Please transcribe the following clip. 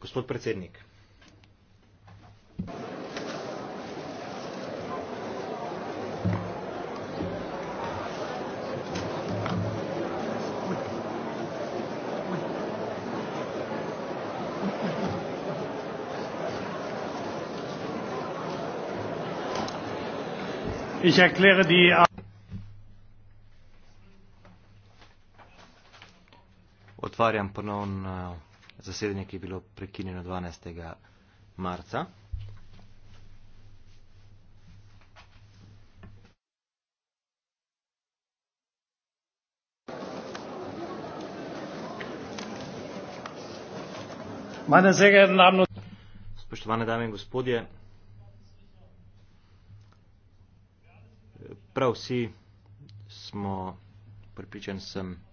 Gospod predsednik. Ich erkläre die Otvarjam ponovno zasedanje, ki je bilo prekinjeno 12. marca. Spoštovane dame in gospodje, prav vsi smo pripričani sem.